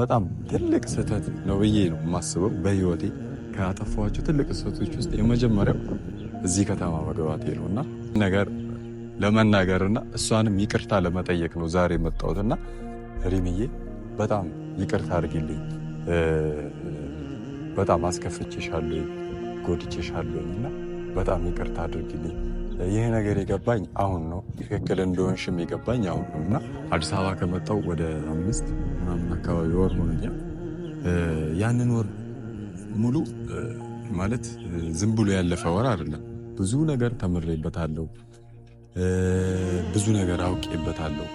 በጣም ትልቅ ስህተት ነው ብዬ ነው የማስበው። በህይወቴ ካጠፋኋቸው ትልቅ ስህተቶች ውስጥ የመጀመሪያው እዚህ ከተማ መግባቴ ነው እና ነገር ለመናገርና እሷንም ይቅርታ ለመጠየቅ ነው ዛሬ የመጣሁትና ሪምዬ በጣም ይቅርታ አድርጊልኝ። በጣም አስከፍቼሻለሁ፣ ጎድቼሻለሁ እና በጣም ይቅርታ አድርጊልኝ። ይህ ነገር የገባኝ አሁን ነው። ትክክል እንደሆንሽም የገባኝ አሁን ነው እና አዲስ አበባ ከመጣው ወደ አምስት ምናምን አካባቢ ወር ሆኖኛል። ያንን ወር ሙሉ ማለት ዝም ብሎ ያለፈ ወር አይደለም። ብዙ ነገር ተምሬበታለሁ፣ ብዙ ነገር አውቄበታለሁ።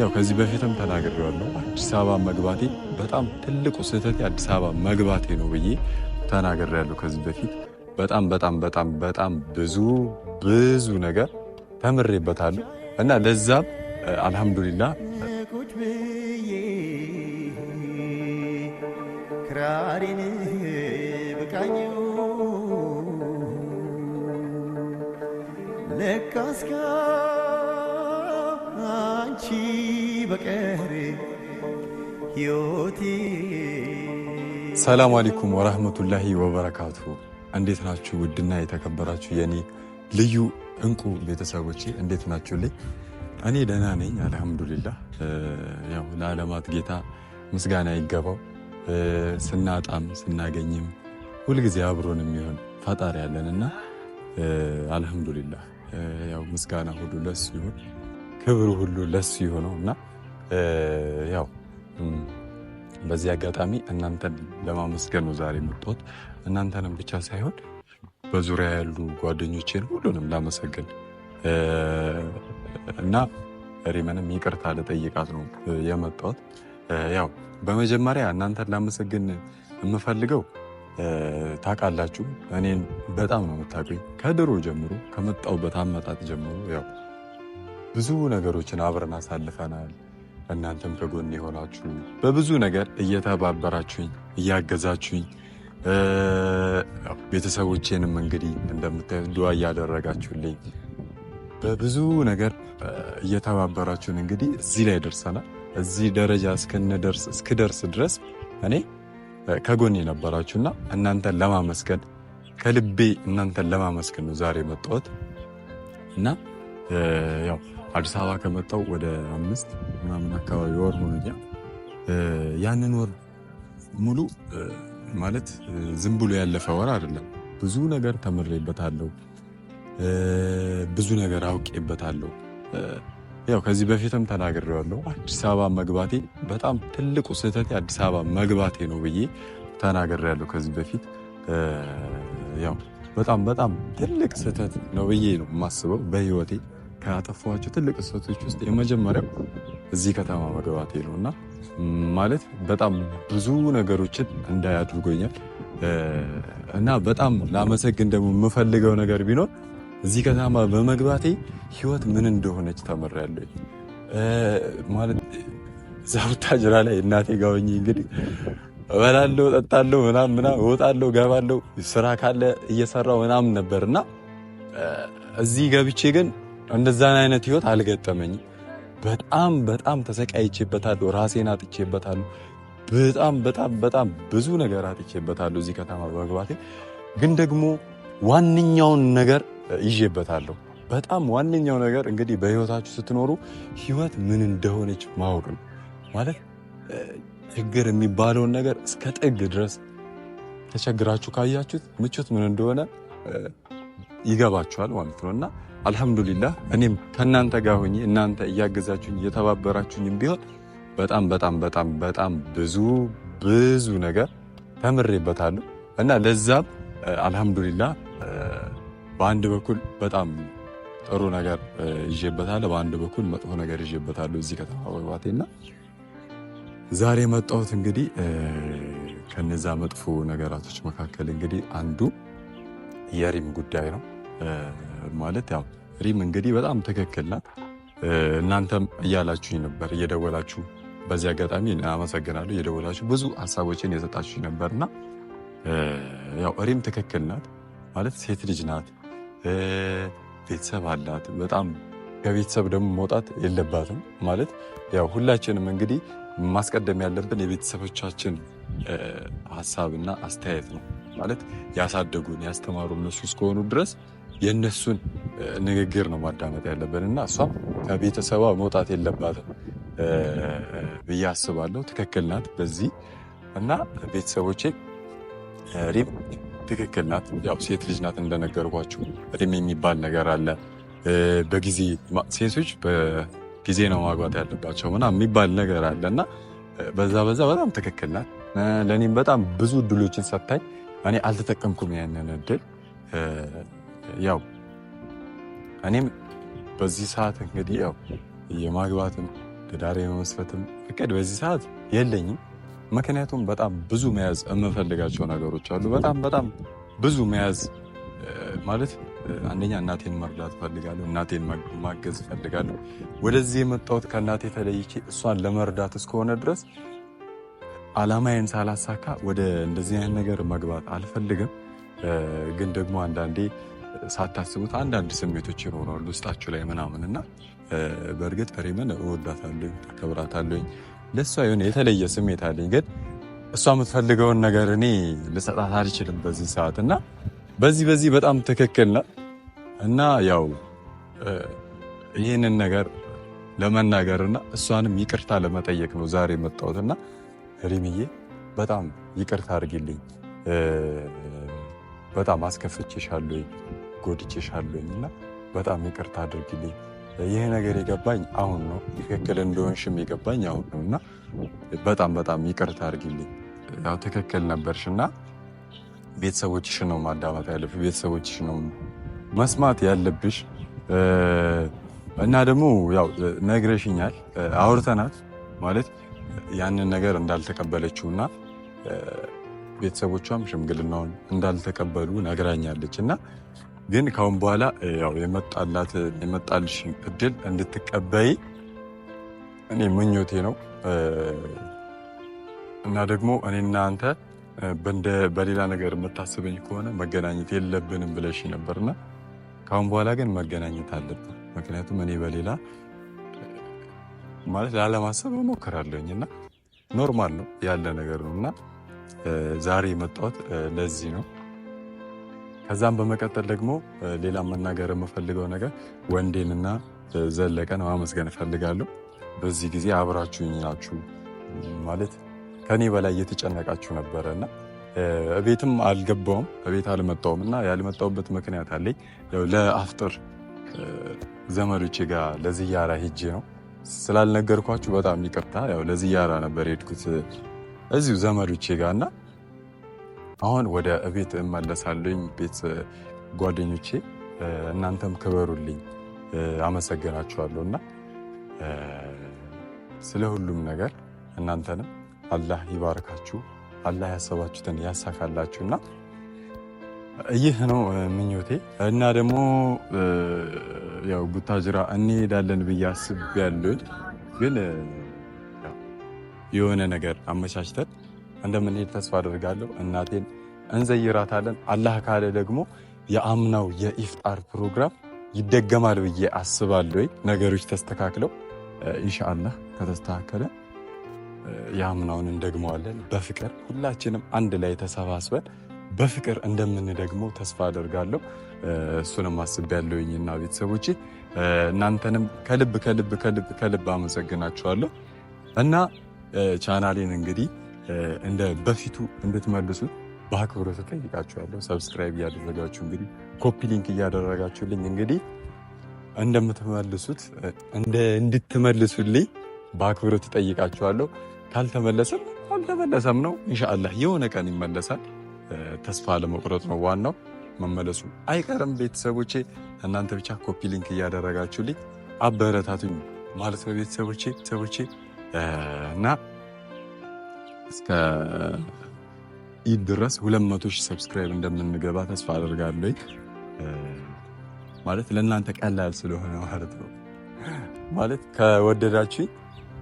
ያው ከዚህ በፊትም ተናግሬዋለሁ። አዲስ አበባ መግባቴ በጣም ትልቁ ስህተት አዲስ አበባ መግባቴ ነው ብዬ ተናግሬያለሁ ከዚህ በፊት በጣም በጣም በጣም በጣም ብዙ ብዙ ነገር ተምሬበታለሁ እና ለዛም አልሐምዱሊላ ክራሪን ብቃኝ ለካስካ አንቺ በቀር ሕይወቴ ሰላም አለይኩም ወራህመቱላሂ ወበረካቱሁ እንዴት ናችሁ? ውድና የተከበራችሁ የኔ ልዩ እንቁ ቤተሰቦች እንዴት ልኝ እኔ ደህና ነኝ፣ አልሐምዱሊላ። ያው ለዓለማት ጌታ ምስጋና ይገባው። ስናጣም ስናገኝም ሁልጊዜ አብሮን የሚሆን ፈጣሪ ያለን እና አልሐምዱሊላ። ያው ምስጋና ሁሉ ለሱ ይሁን፣ ክብር ሁሉ ለሱ ይሆነው እና ያው በዚህ አጋጣሚ እናንተን ለማመስገን ነው ዛሬ የመጣሁት። እናንተንም ብቻ ሳይሆን በዙሪያ ያሉ ጓደኞቼን ሁሉንም ላመሰግን እና ሪመንም ይቅርታ ለጠይቃት ነው የመጣሁት። ያው በመጀመሪያ እናንተን ላመሰግን የምፈልገው ታውቃላችሁ፣ እኔን በጣም ነው የምታውቁኝ ከድሮ ጀምሮ ከመጣሁበት አመጣጥ ጀምሮ ያው ብዙ ነገሮችን አብረን አሳልፈናል። እናንተም ከጎን የሆናችሁ በብዙ ነገር እየተባበራችሁኝ እያገዛችሁኝ ቤተሰቦቼንም እንግዲህ እንደምታዩት ዱዋ እያደረጋችሁልኝ በብዙ ነገር እየተባበራችሁን እንግዲህ እዚህ ላይ ደርሰናል። እዚህ ደረጃ እስክንደርስ እስክደርስ ድረስ እኔ ከጎን የነበራችሁና እናንተን ለማመስገን ከልቤ እናንተን ለማመስገን ነው ዛሬ መጣሁት እና ያው አዲስ አበባ ከመጣው ወደ አምስት ምናምን አካባቢ ወር ሆነኛ። ያንን ወር ሙሉ ማለት ዝም ብሎ ያለፈ ወር አይደለም። ብዙ ነገር ተምሬበታለሁ፣ ብዙ ነገር አውቄበታለሁ። ያው ከዚህ በፊትም ተናግሬዋለሁ። አዲስ አበባ መግባቴ በጣም ትልቁ ስህተት አዲስ አበባ መግባቴ ነው ብዬ ተናግሬያለሁ ከዚህ በፊት ያው በጣም በጣም ትልቅ ስህተት ነው ብዬ ነው የማስበው በህይወቴ ካጠፏቸው ትልቅ እሰቶች ውስጥ የመጀመሪያው እዚህ ከተማ መግባቴ ነው እና ማለት በጣም ብዙ ነገሮችን እንዳይ አድርጎኛል እና በጣም ላመሰግን ደግሞ የምፈልገው ነገር ቢኖር እዚህ ከተማ በመግባቴ ህይወት ምን እንደሆነች ተምሬያለሁ። ማለት እዛ ቡታጅራ ላይ እናቴ ጋወኝ እንግዲህ እበላለሁ፣ ጠጣለሁ፣ ምናም ምናምን እወጣለሁ፣ ገባለሁ ስራ ካለ እየሰራው ምናምን ነበር እና እዚህ ገብቼ ግን እንደዛን አይነት ህይወት አልገጠመኝ በጣም በጣም ተሰቃይቼበታለሁ። ራሴን አጥቼበታለሁ። በጣም በጣም በጣም ብዙ ነገር አጥቼበታለሁ እዚህ ከተማ በመግባቴ። ግን ደግሞ ዋነኛውን ነገር ይዤበታለሁ። በጣም ዋነኛው ነገር እንግዲህ በህይወታችሁ ስትኖሩ ህይወት ምን እንደሆነች ማወቅ ነው ማለት ችግር የሚባለውን ነገር እስከ ጥግ ድረስ ተቸግራችሁ ካያችሁት ምቾት ምን እንደሆነ ይገባቸዋል ማለት ነው። እና አልሐምዱሊላህ እኔም ከእናንተ ጋር ሆኜ እናንተ እያገዛችሁኝ እየተባበራችሁኝም ቢሆን በጣም በጣም በጣም በጣም ብዙ ብዙ ነገር ተምሬበታለሁ እና ለዛም አልሐምዱሊላህ በአንድ በኩል በጣም ጥሩ ነገር ይዤበታለሁ፣ በአንድ በኩል መጥፎ ነገር ይዤበታለሁ እዚህ ከተማ እና ዛሬ መጣሁት እንግዲህ ከነዛ መጥፎ ነገራቶች መካከል እንግዲህ አንዱ የሪም ጉዳይ ነው። ማለት ያው ሪም እንግዲህ በጣም ትክክል ናት። እናንተም እያላችሁኝ ነበር እየደወላችሁ፣ በዚህ አጋጣሚ አመሰግናለሁ። እየደወላችሁ ብዙ ሀሳቦችን የሰጣችሁ ነበርና ያው ሪም ትክክል ናት ማለት ሴት ልጅ ናት፣ ቤተሰብ አላት። በጣም ከቤተሰብ ደግሞ መውጣት የለባትም ማለት ያው ሁላችንም እንግዲህ ማስቀደም ያለብን የቤተሰቦቻችን ሀሳብና አስተያየት ነው ማለት ያሳደጉን ያስተማሩ እነሱ እስከሆኑ ድረስ የእነሱን ንግግር ነው ማዳመጥ ያለብን እና እሷም ከቤተሰቧ መውጣት የለባትም ብዬ አስባለሁ። ትክክል ናት በዚህ እና ቤተሰቦቼ ሪም ትክክል ናት። ያው ሴት ልጅ ናት እንደነገርኳችሁ ሪም የሚባል ነገር አለ። በጊዜ ሴቶች በጊዜ ነው ማግባት ያለባቸው ምናምን የሚባል ነገር አለ እና በዛ በዛ በጣም ትክክል ናት። ለእኔም በጣም ብዙ እድሎችን ሰታኝ እኔ አልተጠቀምኩም ያንን እድል ያው እኔም በዚህ ሰዓት እንግዲህ ያው የማግባትም ትዳር የመመስረትም እቅድ በዚህ ሰዓት የለኝም። ምክንያቱም በጣም ብዙ መያዝ የምፈልጋቸው ነገሮች አሉ። በጣም በጣም ብዙ መያዝ ማለት አንደኛ እናቴን መርዳት እፈልጋለሁ። እናቴን ማገዝ እፈልጋለሁ። ወደዚህ የመጣሁት ከእናቴ ተለይቼ እሷን ለመርዳት እስከሆነ ድረስ አላማዬን ሳላሳካ ወደ እንደዚህ አይነት ነገር መግባት አልፈልግም። ግን ደግሞ አንዳንዴ ሳታስቡት አንዳንድ ስሜቶች ይኖራሉ ውስጣችሁ ላይ ምናምን እና በእርግጥ ሪምን እወዳታለሁ፣ አከብራታለሁ። ለእሷ የሆነ የተለየ ስሜት አለኝ፣ ግን እሷ የምትፈልገውን ነገር እኔ ልሰጣት አልችልም በዚህ ሰዓት እና በዚህ በዚህ በጣም ትክክል ነው እና ያው ይህንን ነገር ለመናገር እና እሷንም ይቅርታ ለመጠየቅ ነው ዛሬ የመጣሁት እና ሪምዬ በጣም ይቅርታ አድርጊልኝ። በጣም አስከፍቼሻለሁ። ጎድቼሻለሁኝና በጣም ይቅርታ አድርግልኝ። ይህ ነገር የገባኝ አሁን ነው። ትክክል እንደሆንሽም የገባኝ አሁን ነው እና በጣም በጣም ይቅርታ አድርግልኝ። ያው ትክክል ነበርሽ እና ቤተሰቦችሽ ነው ማዳመጥ ያለብሽ፣ ቤተሰቦችሽ ነው መስማት ያለብሽ። እና ደግሞ ያው ነግረሽኛል፣ አውርተናት ማለት ያንን ነገር እንዳልተቀበለችው እና ቤተሰቦቿም ሽምግልናውን እንዳልተቀበሉ ነግራኛለች እና ግን ካሁን በኋላ ያው የመጣላት የመጣልሽ እድል እንድትቀበይ እኔ ምኞቴ ነው እና ደግሞ እኔ እናንተ በሌላ ነገር የምታስበኝ ከሆነ መገናኘት የለብንም ብለሽ ነበርና ካሁን በኋላ ግን መገናኘት አለብን። ምክንያቱም እኔ በሌላ ማለት ላለማሰብ እሞክራለሁኝ እና ኖርማል ነው ያለ ነገር ነው እና ዛሬ የመጣሁት ለዚህ ነው። ከዛም በመቀጠል ደግሞ ሌላ መናገር የምፈልገው ነገር ወንዴንና ዘለቀን ማመስገን እፈልጋለሁ። በዚህ ጊዜ አብራችሁኝ ናችሁ ማለት ከኔ በላይ እየተጨነቃችሁ ነበረ እና ቤትም አልገባውም ከቤት አልመጣውም እና ያልመጣውበት ምክንያት አለኝ። ለአፍጥር ዘመዶች ጋር ለዝያራ ሄጄ ነው ስላልነገርኳችሁ በጣም ይቅርታ። ያው ለዝያራ ነበር የሄድኩት እዚሁ ዘመዶቼ ጋር እና አሁን ወደ ቤት እመለሳለኝ። ቤት ጓደኞቼ እናንተም ክበሩልኝ፣ አመሰግናችኋለሁ እና ስለ ሁሉም ነገር እናንተንም አላህ ይባርካችሁ፣ አላህ ያሰባችሁትን ያሳካላችሁእና ይህ ነው ምኞቴ እና ደግሞ ያው ቡታጅራ እንሄዳለን ብዬ ያለኝ ግን የሆነ ነገር አመቻችተን እንደምንሄድ ተስፋ አደርጋለሁ። እናቴን እንዘይራታለን። አላህ ካለ ደግሞ የአምናው የኢፍጣር ፕሮግራም ይደገማል ብዬ አስባለሁ። ነገሮች ተስተካክለው ኢንሻአላህ ከተስተካከለ የአምናውን እንደግመዋለን። በፍቅር ሁላችንም አንድ ላይ ተሰባስበን በፍቅር እንደምንደግመው ተስፋ አደርጋለሁ። እሱንም እና ቤተሰቦች እናንተንም ከልብ ከልብ ከልብ ከልብ አመሰግናችኋለሁ እና ቻናሌን እንግዲህ እንደ በፊቱ እንድትመልሱት በአክብሮት ጠይቃችኋለሁ። ሰብስክራይብ እያደረጋችሁ እንግዲህ ኮፒ ሊንክ እያደረጋችሁልኝ እንግዲህ እንደምትመልሱት እንድትመልሱልኝ በአክብሮት ጠይቃችኋለሁ። ካልተመለሰም አልተመለሰም ነው። ኢንሻአላህ የሆነ ቀን ይመለሳል። ተስፋ ለመቁረጥ ነው ዋናው መመለሱ አይቀርም። ቤተሰቦቼ እናንተ ብቻ ኮፒ ሊንክ እያደረጋችሁልኝ አበረታቱኝ ማለት ነው ቤተሰቦቼ ቤተሰቦቼ እና እስከ ኢድ ድረስ ሁለት መቶ ሺህ ሰብስክራይብ እንደምንገባ ተስፋ አደርጋለሁ። ማለት ለእናንተ ቀላል ስለሆነ ማለት ነው። ማለት ከወደዳችሁኝ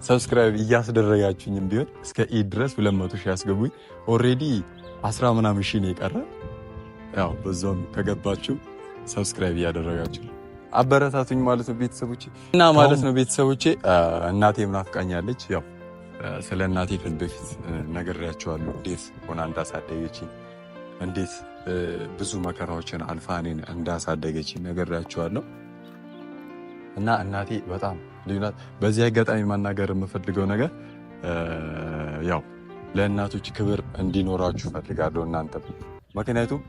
ሰብስክራይብ እያስደረጋችሁኝም ቢሆን እስከ ኢድ ድረስ ሁለት መቶ ሺህ ያስገቡኝ። ኦልሬዲ አስራ ምናምን ሺህ ነው የቀረ። ያው በዛውም ከገባችሁ ሰብስክራይብ እያደረጋችሁ አበረታቱኝ ማለት ነው ቤተሰቦቼ እና ማለት ነው ቤተሰቦቼ እናቴ ምናፍቃኛለች ያው ስለ እናቴ ፊት በፊት ነግሬያቸዋለሁ። እንዴት ሆና እንዳሳደገች እንዴት ብዙ መከራዎችን አልፋ እኔን እንዳሳደገችኝ ነግሬያቸዋለሁ እና እናቴ በጣም ልዩ ናት። በዚህ አጋጣሚ ማናገር የምፈልገው ነገር ያው ለእናቶች ክብር እንዲኖራችሁ ፈልጋለሁ እናንተ ምክንያቱም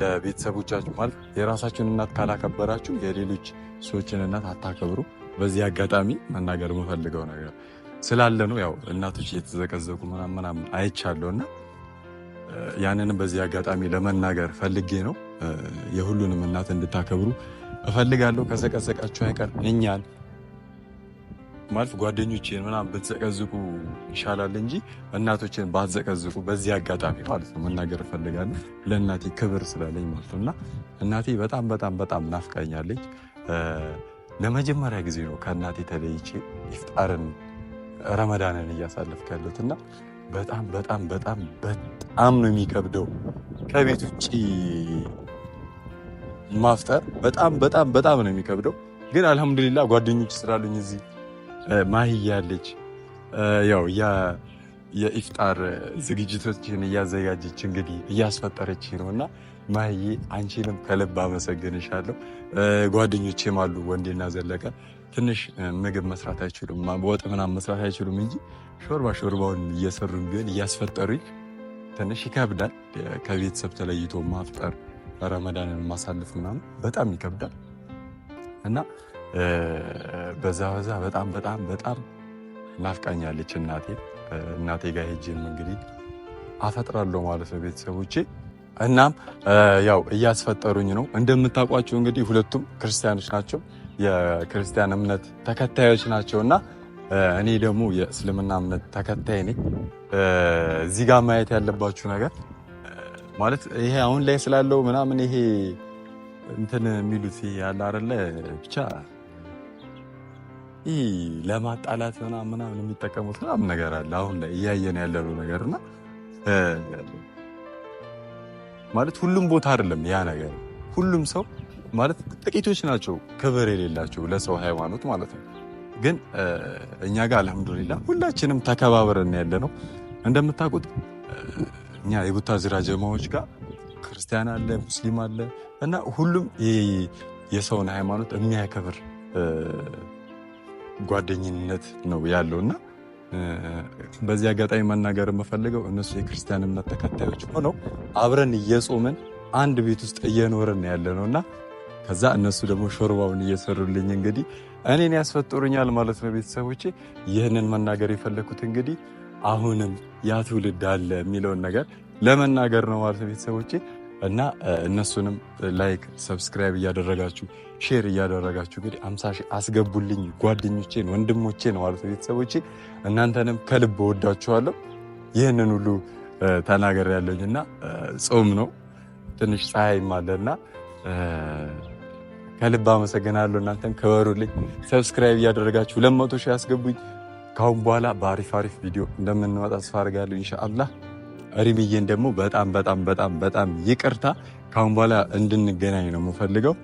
ለቤተሰቦቻችሁ ማለት የራሳችሁን እናት ካላከበራችሁ የሌሎች ሰዎችን እናት አታከብሩ። በዚህ አጋጣሚ መናገር የምፈልገው ነገር ስላለ ነው። ያው እናቶች እየተዘቀዘቁ ምናምን ምናምን አይቻለሁ እና ያንንም በዚህ አጋጣሚ ለመናገር ፈልጌ ነው። የሁሉንም እናት እንድታከብሩ እፈልጋለሁ። ከዘቀዘቃችሁ አይቀር እኛን ማልፍ ጓደኞቼን ምናምን ብትዘቀዝቁ ይሻላል እንጂ እናቶችን ባትዘቀዝቁ በዚህ አጋጣሚ ማለት ነው መናገር እፈልጋለሁ። ለእናቴ ክብር ስላለኝ ማለት ነው እና እናቴ በጣም በጣም በጣም ናፍቃኛለች። ለመጀመሪያ ጊዜ ነው ከእናቴ ተለይቼ ይፍጣርን ረመዳንን እያሳለፍክ ያለሁት እና በጣም በጣም በጣም በጣም ነው የሚከብደው። ከቤት ውጭ ማፍጠር በጣም በጣም በጣም ነው የሚከብደው። ግን አልሐምዱሊላ ጓደኞች ስላሉኝ እዚህ ማህያ ያለች ያው የኢፍጣር ዝግጅቶችን እያዘጋጀች እንግዲህ እያስፈጠረች ነው እና ማህዬ አንቺንም ከልብ አመሰግንሻለሁ። ጓደኞቼም አሉ ወንዴና ዘለቀ ትንሽ ምግብ መስራት አይችሉም፣ ወጥ ምናምን መስራት አይችሉም እንጂ ሾርባ ሾርባውን እየሰሩ ቢሆን እያስፈጠሩኝ ትንሽ ይከብዳል። ከቤተሰብ ተለይቶ ማፍጠር ረመዳንን ማሳለፍ ምናምን በጣም ይከብዳል እና በዛ በዛ በጣም በጣም በጣም ናፍቃኛለች እናቴ። እናቴ ጋር ሄጅም እንግዲህ አፈጥራለሁ ማለት ነው ቤተሰቦቼ። እናም ያው እያስፈጠሩኝ ነው። እንደምታውቋቸው እንግዲህ ሁለቱም ክርስቲያኖች ናቸው። የክርስቲያን እምነት ተከታዮች ናቸው እና እኔ ደግሞ የእስልምና እምነት ተከታይ ነኝ። እዚህ ጋር ማየት ያለባችሁ ነገር ማለት ይሄ አሁን ላይ ስላለው ምናምን ይሄ እንትን የሚሉት ያለ አይደለ ብቻ ይህ ለማጣላት ምናምን የሚጠቀሙት ምናምን ነገር አለ አሁን ላይ እያየን ያለው ነገር እና ማለት ሁሉም ቦታ አይደለም ያ ነገር ሁሉም ሰው ማለት ጥቂቶች ናቸው ክብር የሌላቸው ለሰው ሃይማኖት ማለት ነው። ግን እኛ ጋር አልሐምዱሊላ ሁላችንም ተከባብረን ያለ ነው። እንደምታውቁት እኛ ዝራ ጀማዎች ጋር ክርስቲያን አለ፣ ሙስሊም አለ እና ሁሉም የሰውን ሃይማኖት የሚያከብር ጓደኝነት ነው ያለው እና በዚህ አጋጣሚ መናገር የምፈልገው እነሱ የክርስቲያን እምነት ተከታዮች ሆነው አብረን እየጾምን አንድ ቤት ውስጥ እየኖርን ያለ ነው እና ከዛ እነሱ ደግሞ ሾርባውን እየሰሩልኝ እንግዲህ እኔን ያስፈጥሩኛል ማለት ነው። ቤተሰቦቼ ይህንን መናገር የፈለግኩት እንግዲህ አሁንም ያ ትውልድ አለ የሚለውን ነገር ለመናገር ነው ማለት ነው ቤተሰቦቼ እና እነሱንም ላይክ ሰብስክራይብ እያደረጋችሁ ሼር እያደረጋችሁ እንግዲህ አምሳ ሺህ አስገቡልኝ ጓደኞቼን ወንድሞቼን ማለት ቤተሰቦቼ እናንተንም ከልብ ወዳችኋለሁ። ይህንን ሁሉ ተናገር ያለኝ እና ጾም ነው ትንሽ ፀሐይም አለና ከልብ አመሰግናለሁ። እናንተም ክበሩልኝ። ሰብስክራይብ እያደረጋችሁ ለመቶ ሺህ ያስገቡኝ። ካሁን በኋላ በአሪፍ አሪፍ ቪዲዮ እንደምንወጣ ተስፋ አድርጋለሁ ኢንሻአላህ። ሪምዬን ደግሞ በጣም በጣም በጣም በጣም ይቅርታ ካሁን በኋላ እንድንገናኝ ነው የምፈልገው።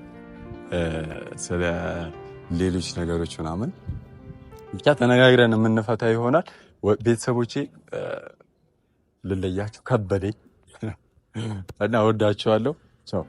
ስለ ሌሎች ነገሮች ምናምን ብቻ ተነጋግረን የምንፈታ ይሆናል። ቤተሰቦቼ ልለያችሁ ከበደኝ እና ወዳችኋለሁ። ቻው